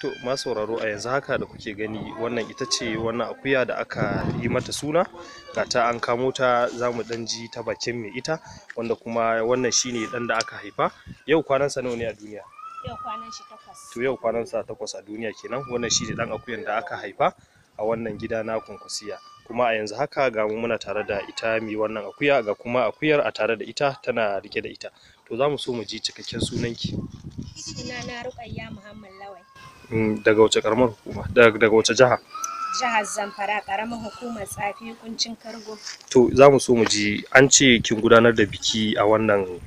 to masu sauraro a yanzu haka da kuke gani wannan ita ce wannan akuya da aka yi mata suna ga ta an kamo ta za mu dan ji ta bakin mai ita wanda kuma wannan shine dan da aka haifa yau sa nawa ne a duniya yau kwanan shi takwas to yau a duniya kenan wannan shine dan akuyan da aka haifa a wannan gida na kunkusiya kuma a yanzu haka ga mu muna tare da ita mai wannan akuya ga kuma akuyar a tare da ita tana rike da ita to za mu so mu ji cikakken sunanki Suna na Ruqayya Muhammad Lawai. Mm, daga wace karamar hukuma? Daga wace jiha? Jihar Zamfara karamar hukumar Tsafi kuncin Kargo. To za mu so mu ji an ce kin gudanar da biki a wannan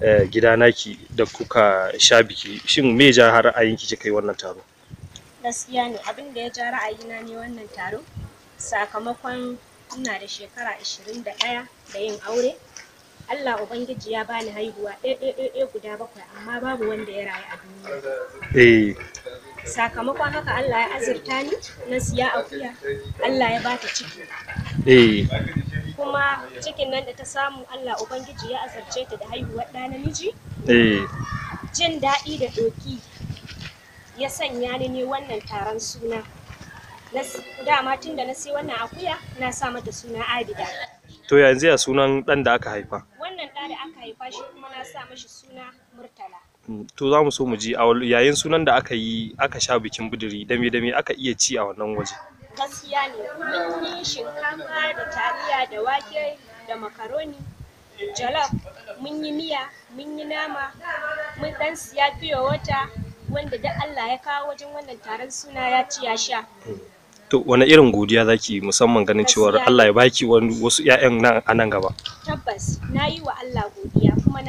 eh, gida naki da kuka sha biki shin me ja ra'ayinki kika yi wannan taro? Gaskiya ne abin da ya ja ra'ayina ne wannan taro sakamakon ina da shekara 21 da yin aure Allah Ubangiji ya bani haihuwa ɗaya eh, eh, eh, guda bakwai amma babu wanda ya rayu a duniya. Sakamakon haka Allah ya azurta ni na siya akuya Allah ya bata ciki. Kuma cikin nan da ta samu Allah Ubangiji ya azurce ta da haihuwar ɗa namiji. Jin daɗi da doki ya sanya ni ne wannan taron suna. Dama tun da na sai wannan akuya na sa mata suna Abida. To yanzu ya sunan ɗan da aka haifa? sa mashi suna Murtala. To za mu so mu ji a yayin sunan da aka yi aka sha bikin buduri dame dame aka iya ci a wannan waje. Gaskiya ne mun yi shinkafa da taliya da wake da makaroni jalaf, mun yi miya mun yi nama mun dan siya fiye wata wanda da Allah ya kawo wajen wannan taron suna ya ci ya sha. To wani irin godiya zaki musamman ganin cewa Allah ya baki wasu 'ya'yan nan a nan gaba? Tabbas na yi wa Allah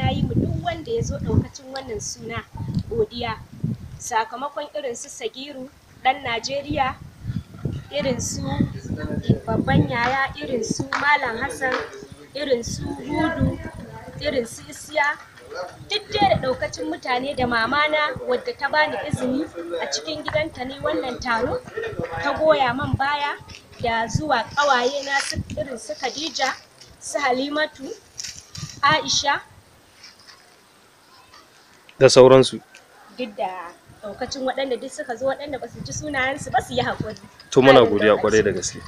ya yi mu duk wanda ya zo ɗaukacin wannan suna godiya sakamakon irin su sagiru ɗan najeriya irin su babban yaya irin su malam hassan irin su hudu irin su isiya duk da ɗaukacin mutane da mamana wadda ta bani izini a cikin gidanta ne wannan taro ta goya man baya da zuwa ƙawaye na irin su khadija su halimatu aisha da sauransu duk da daukacin waɗanda duk suka zo waɗanda ba su ji sunayensu ba su yi haƙuri to muna godiya kwarai da gaske